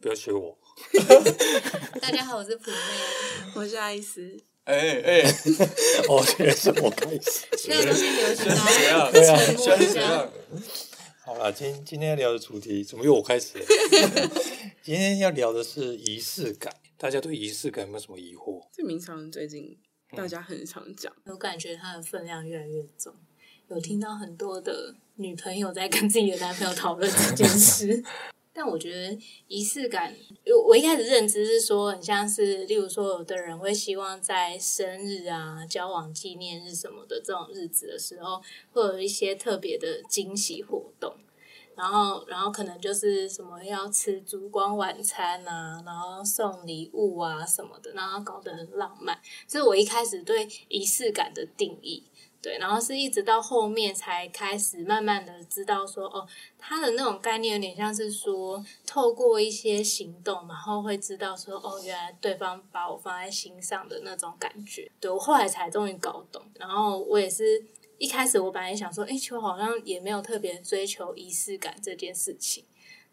不要學我。大家好，我是普妹，我是愛斯。哎哎，哦，現在是我開始。好今今天要聊的主題，怎麼又我開始了？今天要聊的是儀式感，大家對儀式感有沒有什麼疑惑？這名常最近大家很常講，我感覺他的分量越來越重，有聽到很多的女朋友在跟自己的男朋友討論這件事。但我覺得儀式感，我一開始認知是說，很像是例如說，有的人會希望在生日啊、交往紀念日什麼的這種日子的時候，會有一些特別的驚喜活動，然後，然後可能就是什麼要吃燭光晚餐啊，然後送禮物啊什麼的，然後搞得很浪漫，所以我一開始對儀式感的定義。對，然後是一直到後面才開始慢慢的知道說，哦，他的那種概念，有點像是說，透過一些行動，然後會知道說，哦，原來對方把我放在心上的那種感覺。對，我後來才終於搞懂，然後我也是一開始我本來想說，誒，其實我好像也沒有特別追求儀式感這件事情。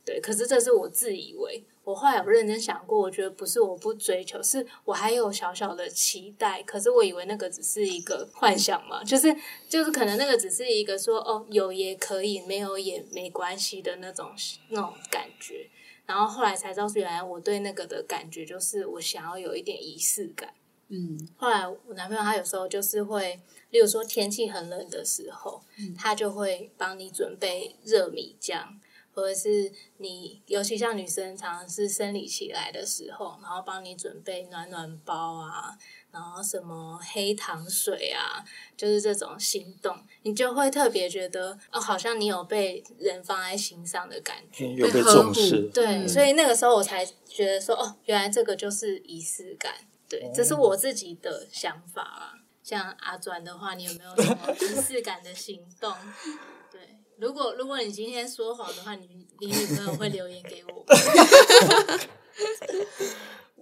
對，可是這是我自以為，我後來有認真想過，我覺得不是我不追求，是我還有小小的期待。可是我以為那個只是一個幻想嘛，就是就是可能那個只是一個說，哦，有也可以，沒有也沒關係的那種那種感覺。然後後來才知道，原來我對那個的感覺就是我想要有一點儀式感。嗯，後來我男朋友他有時候就是會，例如說天氣很冷的時候，他就會幫你準備熱米漿。或者是你，尤其像女生，常常是生理期來的時候，然後幫你準備暖暖包啊，然後什麼黑糖水啊，就是這種行動，你就會特別覺得哦，好像你有被人放在心上的感覺，有、嗯、被重視、被呵護。對，嗯、所以那個時候我才覺得說，哦，原來這個就是儀式感。對，嗯、這是我自己的想法啊。像阿轉的話，你有沒有什麼儀式感的行動？ 如果如果你今天說好的話，你你女朋友會留言給我。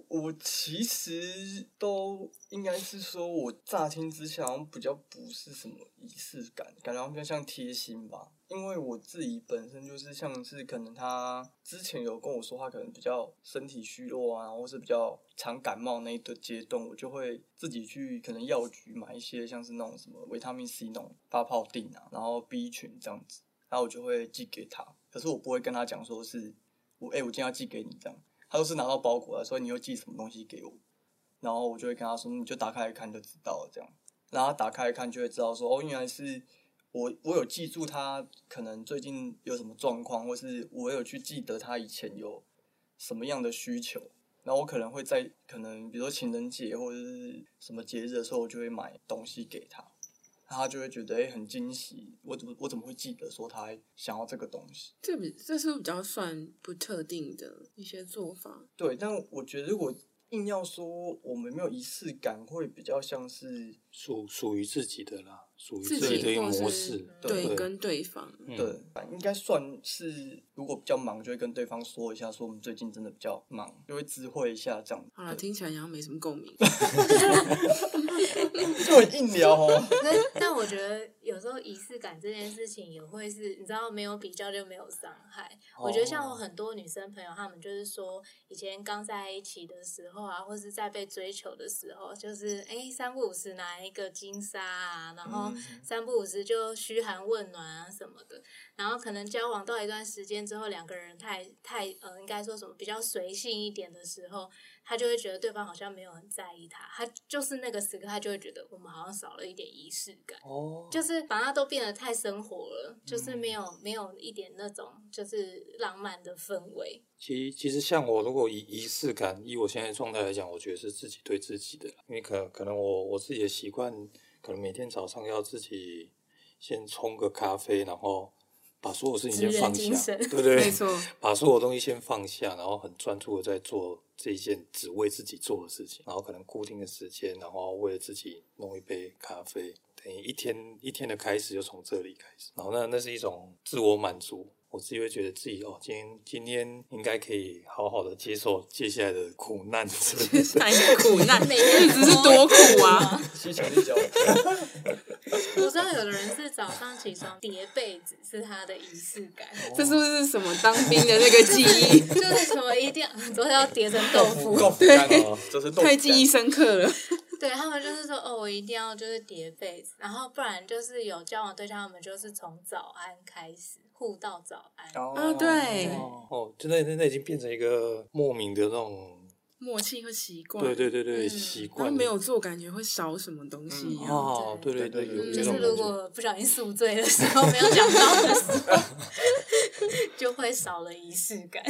我其實都應該是說，我乍聽之下好像比較不是什麼儀式感，感覺好像比較像貼心吧。因為我自己本身就是像是可能他之前有跟我說話，可能比較身體虛弱啊，或是比較常感冒那一個階段，我就會自己去可能藥局買一些像是那種什麼維他命 C 那種發泡錠啊，然後 B 群這樣子。然後我就會寄給他，可是我不會跟他講說是我，哎、欸，我今天要寄給你這樣。他都是拿到包裹了，說你又寄什麼東西給我，然後我就會跟他說，你就打開來看就知道了這樣。然後他打開來看就會知道說，哦，原來是我，我我有記住他可能最近有什麼狀況，或是我有去記得他以前有什麼樣的需求。然後我可能會在可能比如說情人節或者是什麼節日的時候，我就會買東西給他。他就會覺得誒、欸，很驚喜。我怎麼我怎麼會記得說他想要這個東西？這比這是比較算不特定的一些做法。對，但我覺得如果。硬要說我們沒有儀式感，會比較像是屬屬於自己的啦，屬於自己的一個模式，對跟對方，對，應該算是如果比較忙，就會跟對方說一下，說我們最近真的比較忙，就會知會一下這樣子。嗯、對好了，聽起來好像沒什麼共鳴，就 硬聊哦、喔。但我覺得。有時候儀式感這件事情也會是，你知道，沒有比較就沒有傷害。我覺得像我很多女生朋友，她們就是說，以前剛在一起的時候啊，或是在被追求的時候，就是誒三不五時拿一個金莎啊，然後三不五時就噓寒問暖啊什麼的，然後可能交往到一段時間之後，兩個人太太呃，應該說什麼比較隨性一點的時候。.他就會覺得對方好像沒有很在意他，他就是那個時刻，他就會覺得我們好像少了一點儀式感，哦、就是把它都變得太生活了，嗯、就是沒有沒有一點那種就是浪漫的氛圍。其實其實像我，如果以儀式感，以我現在狀態來講，我覺得是自己對自己的，因為可能可能我我自己的習慣，可能每天早上要自己先沖個咖啡，然後把所有事情先放下，對不對？對、對？沒錯，把所有東西先放下，然後很專注的在做。這一件只為自己做的事情，然後可能固定的時間，然後為了自己弄一杯咖啡，等於一天一天的開始就從這裡開始。然後那那是一種自我滿足，我自己會覺得自己哦，今天今天應該可以好好的接受接下來的苦難是不是？接下來的苦難， 每天日子是多苦啊！謝謝你小姐。我知道有的人是早上起床疊被子是他的儀式感，哦、這是不是什麼當兵的那個記憶？ 就是從。就是都是要疊成豆腐，對，太記憶深刻了。對他們就是說，哦，我一定要就是疊被子，然後不然就是有交往對象，他們就是從早安開始，互道早安。啊，對，哦，就那那已經變成一個莫名的那種默契和習慣。對對對對，習慣。沒有做，感覺會少什麼東西一樣。對對對，就是如果不小心宿醉的時候，沒有講到的時候。 就會少了儀式感。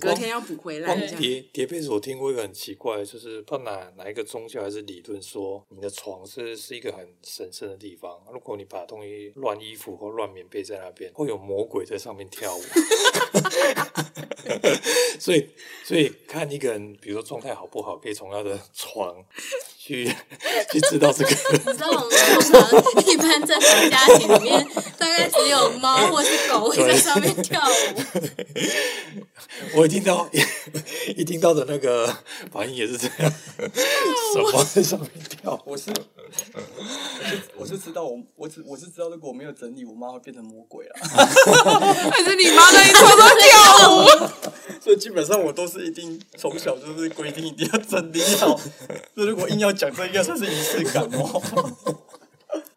隔天要補回來。疊疊被子，迭我聽過一個很奇怪，對就是不知道哪哪一個宗教還是理論說，你的床是，是是一個很神聖的地方。如果你把東西亂衣服或亂棉被在那邊，會有魔鬼在上面跳舞。 所以，所以看一個人，比如說狀態好不好，可以從他的床。 去去知道這個？ 你知道我們通常一般在家庭裡面， 大概只有貓或是狗會在上面跳舞。對 我一聽到一,一聽到的那個反應也是這樣， 我手放在上面跳？我是，我是，我是知道我，我只我是知道，如果我沒有整理，我媽會變成魔鬼啊 還是你媽那一套都跳？ 所以基本上我都是一定從小就是規定一定要真的要，所以如果硬要講，這應該算是儀式感哦。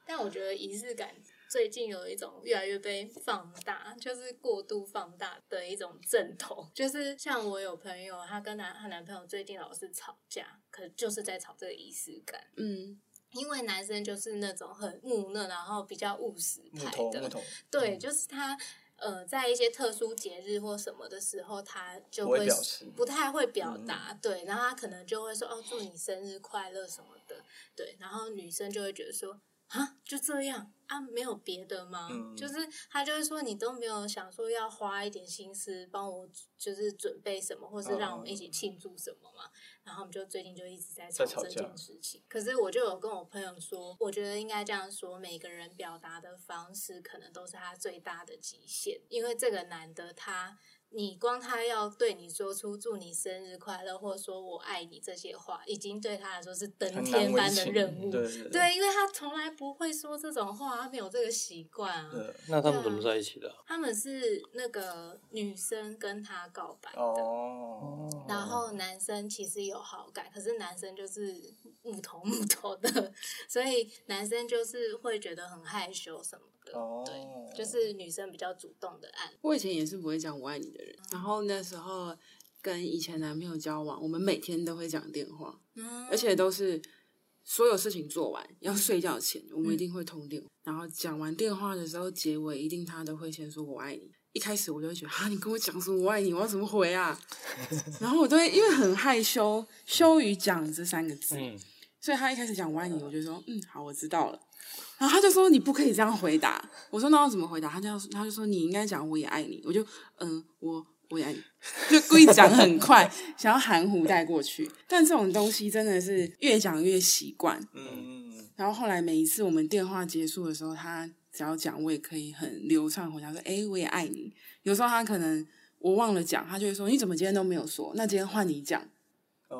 但我覺得儀式感最近有一種越來越被放大，就是過度放大的一種症頭。就是像我有朋友，她跟男她男朋友最近老是吵架，可就是在吵這個儀式感。嗯，因為男生就是那種很木訥，然後比較務實派的。木頭木頭，對，就是他。嗯呃，在一些特殊節日或什麼的時候，他就會不太會表達，不會表示，對，嗯、然後他可能就會說：“哦，祝你生日快樂什麼的。”對，然後女生就會覺得說：“啊，就這樣啊，沒有別的嗎？嗯、就是他就會說你都沒有想說要花一點心思幫我，就是準備什麼，或是讓我們一起慶祝什麼嗎？”嗯然後我們就最近就一直在吵這件事情，在吵架。可是我就有跟我朋友說，我覺得應該這樣說，每個人表達的方式可能都是他最大的極限，因為這個男的他。你光他要對你說出“祝你生日快樂”或說我愛你這些話，已經對他來說是登天般的任務。對，因為他從來不會說這種話，他沒有這個習慣啊。那他們怎麼在一起的？他們是那個女生跟他告白的，然後男生其實有好感，可是男生就是木頭木頭的，所以男生就是會覺得很害羞什麼。哦，oh. 對，就是女生比較主動的案。我以前也是不會講“我愛你”的人，然後那時候跟以前男朋友交往，我們每天都會講電話，mm. 而且都是所有事情做完、mm. 要睡覺前，我們一定會通電話。Mm. 然後講完電話的時候，結尾一定他都會先說我愛你。一開始我就會覺得啊，你跟我講什麼我愛你，我要怎麼回啊？ 然後我都會因為很害羞，羞於講這三個字，嗯，mm. 所以他一開始講我愛你，我就說嗯，好，我知道了。然後他就說，你不可以這樣回答。我說，那要怎麼回答？他就說，他就說你應該講，我也愛你。我就嗯，我我也愛你，就故意講很快， 想要含糊帶過去。但這種東西真的是越講越習慣。嗯， 然後後來每一次我們電話結束的時候，他只要講，我也可以很流暢回答說誒、欸、我也愛你。有時候他可能我忘了講，他就會說，你怎麼今天都沒有說？那今天換你講。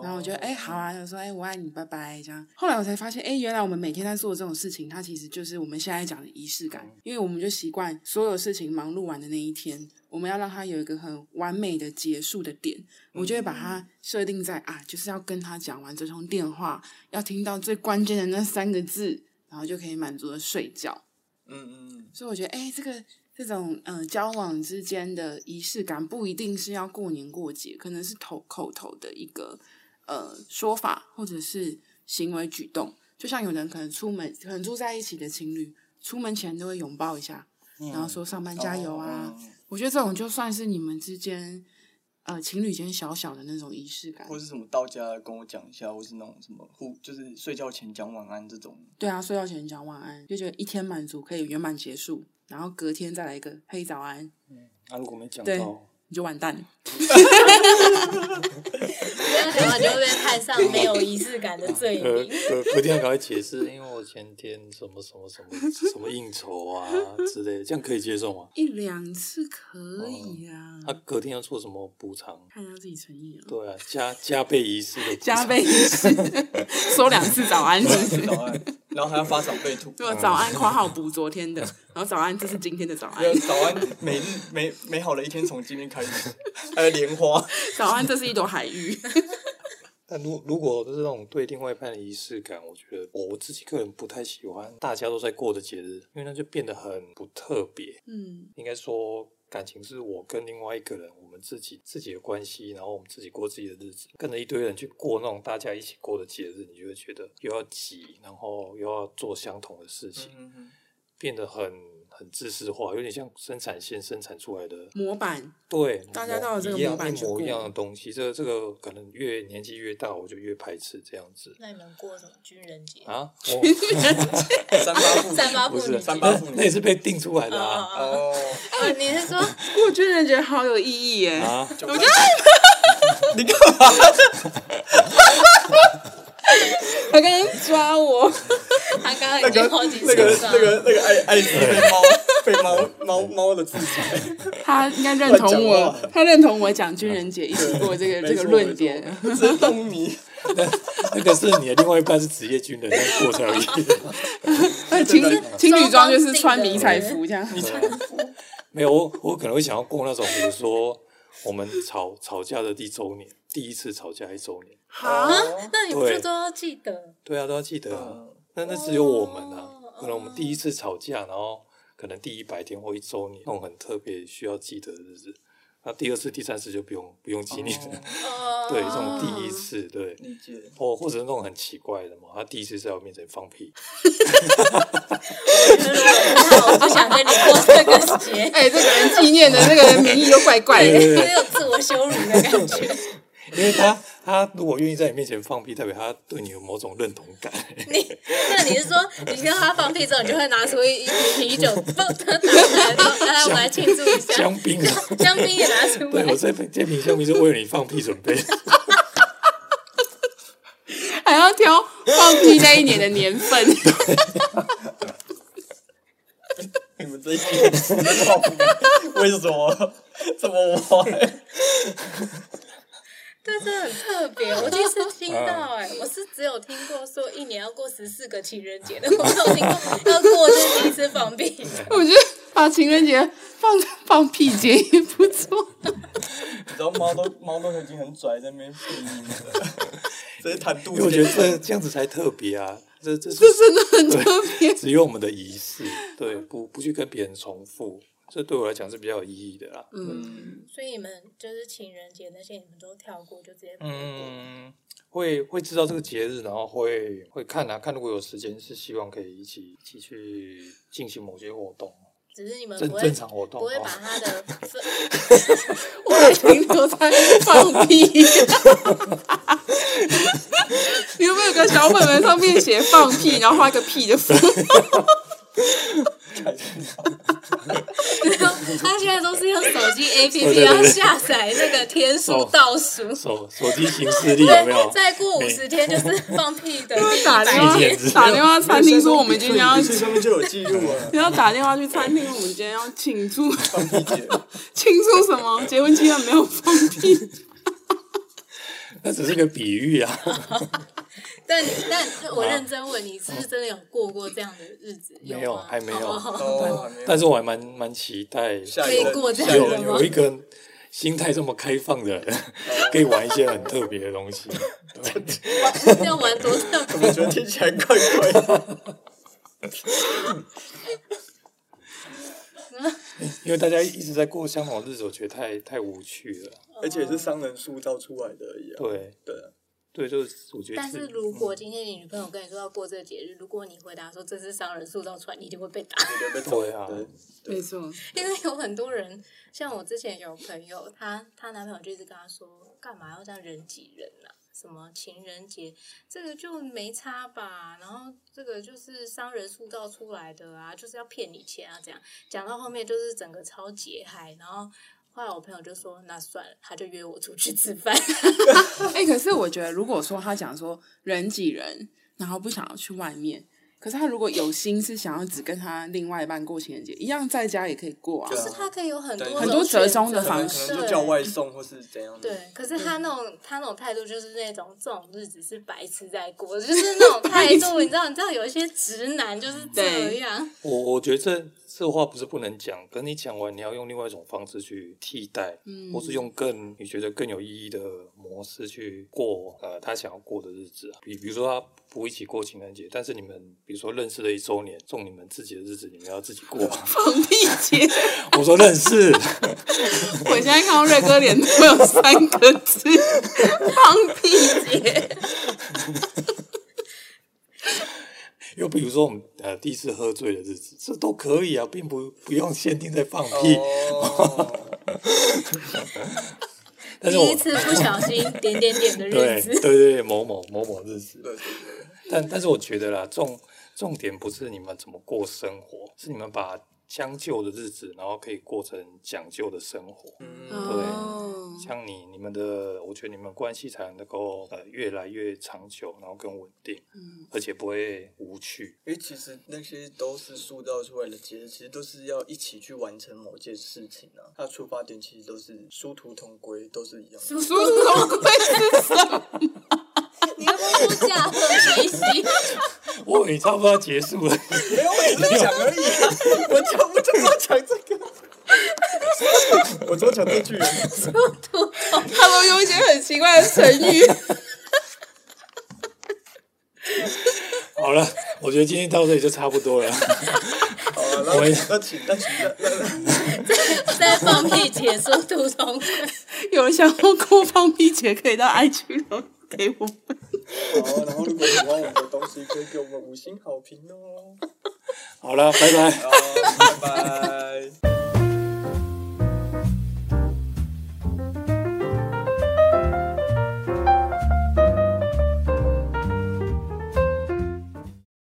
然後我覺得哎、欸、好啊，就說哎、欸、我愛你，拜拜這樣。後來我才發現，哎、欸、原來我們每天在做這種事情，它其實就是我們現在講的儀式感，因為我們就習慣所有事情忙碌完的那一天，我們要讓它有一個很完美的結束的點，我就會把它設定在、嗯、啊，就是要跟他講完這通電話，要聽到最關鍵的那三個字，然後就可以滿足的睡覺。嗯嗯嗯。嗯，所以我覺得哎、欸，這個這種呃交往之間的儀式感，不一定是要過年過節，可能是口口頭的一個。呃，說法或者是行為舉動，就像有人可能出門，可能住在一起的情侶出門前都會擁抱一下，嗯、然後說上班加油啊。哦、我覺得這種就算是你們之間，呃，情侶間小小的那種儀式感。或是什麼到家跟我講一下，或是那種什麼互，就是睡覺前講晚安這種。對啊，睡覺前講晚安，就覺得一天滿足可以圓滿結束，然後隔天再來一個黑早安。嗯，那、啊、如果沒講到，你就完蛋了。 哈哈哈！沒有想到你會被判上沒有儀式感的罪名。隔天趕快解釋，因、欸、為我前天什麼什麼什麼什麼應酬啊之類的，這樣可以接受嗎？一兩次可以啊。他隔天要做什麼補償？看他自己誠意、啊。對啊，加加倍儀式的加倍儀式， 說兩次早安是不是，早安。.然後還要發長輩圖，嗯、早安，誇好補昨天的，然後早安，這是今天的早安，嗯、早安，每日美美，美好的一天從今天開始，還有蓮花，早安，這是一朵海芋。那如、嗯、如果這種對另外一半的儀式感，我覺得我我自己個人不太喜歡，大家都在過的節日，因為那就變得很不特別。嗯，應該說感情是我跟另外一個人自己自己的關係，然後我們自己過自己的日子，跟着一堆人去過那種大家一起過的節日，你就會覺得又要擠，然後又要做相同的事情，變得很。很自私化，有點像生產線生產出來的模板。對，大家都有這個模板去模一樣的東西。這這個可能越年紀越大，我就越排斥這樣子。那你們過什麼軍人節啊？軍人節，三八三八婦女三八婦女那也是被定出來的啊。哦，你是說過軍人節好有意義耶？啊，我覺得你幹嘛？他剛剛抓我。他剛剛已經好幾次了。那個那個那個愛愛被貓被貓貓貓的自己，他應該認同我，他認同我講軍人節一直過這個這個論點。這是東尼，那個是你的另外一半，是職業軍人在過而已。情情侶裝就是穿迷彩服這樣子。迷彩服沒有，我我可能會想要過那種，比如說我們吵吵架的第一周年，第一次吵架一周年。好，那你不是都要記得？對啊，都要記得。啊但那只有我們啊，哦、可能我們第一次吵架，哦、然後可能第一百天或一周年，那種很特別需要記得的日子。那第二次、第三次就不用不用紀念了。哦、 對，這種第一次，對、嗯、哦，或者那種很奇怪的嘛，他第一次在我面前放屁，我不想跟你過這個節，哎，這個人紀念的那個名義都怪怪的，欸，有點、欸、 自我羞辱的感覺， 因為他。他如果願意在你面前放屁，代表他對你有某種認同感。你那你是說，你跟他放屁之後，你就會拿出一瓶啤酒，來來來，我來慶祝一下。香檳啊！香檳也拿出來。對，我這這瓶香檳是為你放屁準備。 還要挑放屁那一年的年份。對 你們這一在放為什麼怎麼歪？真的很特別，我第一次聽到，欸，哎，我是只有聽過說一年要過十四個情人節的，我沒有聽過要過我第一次放屁。 我覺得把情人節放放屁節也不錯。 你知道貓都貓都已經很拽在那邊放屁嗎？所以 坦度，我覺得這這樣子才特別啊，這這是這真的很特別，只有我們的儀式，對，不不去跟別人重複。這對我來講是比較有意義的啦。嗯，所以你們就是情人節那些，你們都跳過就直接，嗯，會會知道這個節日，然後會會看啊，看如果有時間，是希望可以一起一起去進行某些活動。只是你們不會正常活動不會把他的， 我還停留在放屁。你有沒有個小本本上面寫放屁，然後畫一個屁的符？ 他現在都是用手機 APP，然後下載那個天數倒數，手手機顯示的有沒有？對，再過五十天就是放屁的。 打電話打電話餐廳說我們今天要，去，你要打電話去餐廳，我們今天要慶祝。慶 祝什麼？結婚紀念沒有放屁。那只是一個比喻啊 但。但但我認真問你，是不是真的有過過這樣的日子？有沒有，還沒有。 但，但是我還蠻蠻期待，可以過這樣的嗎？有有一,一,一個心態這麼開放的人， 可以玩一些很特別的東西。對。要玩多特別？我 覺得聽起來怪怪的。 因為大家一直在過相好日子，我覺得太太無趣了，而且是商人塑造出來的而已，啊。對對對，就是我覺得。但是如果今天你女朋友跟你說要過這個節日，嗯、如果你回答說這是商人塑造出來，你就一定會被打。被對錯、啊、對，對沒錯。對因為有很多人，像我之前有朋友，她她男朋友就一直跟她說，幹嘛要這樣人擠人呢、啊？什麼情人節，這個就沒差吧？然後這個就是商人塑造出來的啊，就是要騙你錢啊，這樣講到後面就是整個超級、嗯、嗨。然後後來我朋友就說：“那算了，他就約我出去吃飯。對”哎、 欸，可是我覺得，如果說他講說人擠人，然後不想要去外面。可是他如果有心，是想要只跟他另外一半過情人節，一樣在家也可以過啊。就是他可以有很多對很多折中的方式，就叫外送或是怎樣。對，可是他那種他那種態度，就是那種這種日子是白痴在過，就是那種態度。白你知道，你知道有一些直男就是這樣。我我覺得。這話不是不能講，跟你講完，你要用另外一種方式去替代，嗯，或是用更你覺得更有意義的模式去過呃他想要過的日子啊。比比如說他不一起過情人節，但是你們比如說認識了一周年，送你們自己的日子你們要自己過，啊、 放屁節姐！ 我說認識， 我現在看到瑞哥臉都有三個字： 放屁節姐。 比如說，我們呃第一次喝醉的日子，這都可以啊，並不不用限定在放屁。哦、 但是我第一次不小心點點點的日子， 對，對對對，某某某某日子。對對對，但但是我覺得啦，重重點不是你們怎麼過生活，是你們把。將就的日子，然後可以過成講究的生活，嗯、對，哦、像你你們的，我覺得你們關係才能夠、呃、越來越長久，然後更穩定，嗯，而且不會無趣。嗯、因為其實那些都是塑造出來的，其實其實都是要一起去完成某件事情啊。它的出發點其實都是殊途同歸，都是一樣。殊途同歸。下課學習，我以為差不多要結束了，沒有在講而已，我講，我就不講這個 我就講這句，土他們用一些很奇怪的成語。好了，我覺得今天到這裡就差不多了。 好了，那，那，我也那，那請那請那，那在，在放屁節縮圖中 有人想問過放屁節可以到 IG 上給我們。 好啊，然後如果你喜歡我們的東西，可以 給我們五星好評哦。好了，拜拜。拜拜。 哦，拜拜。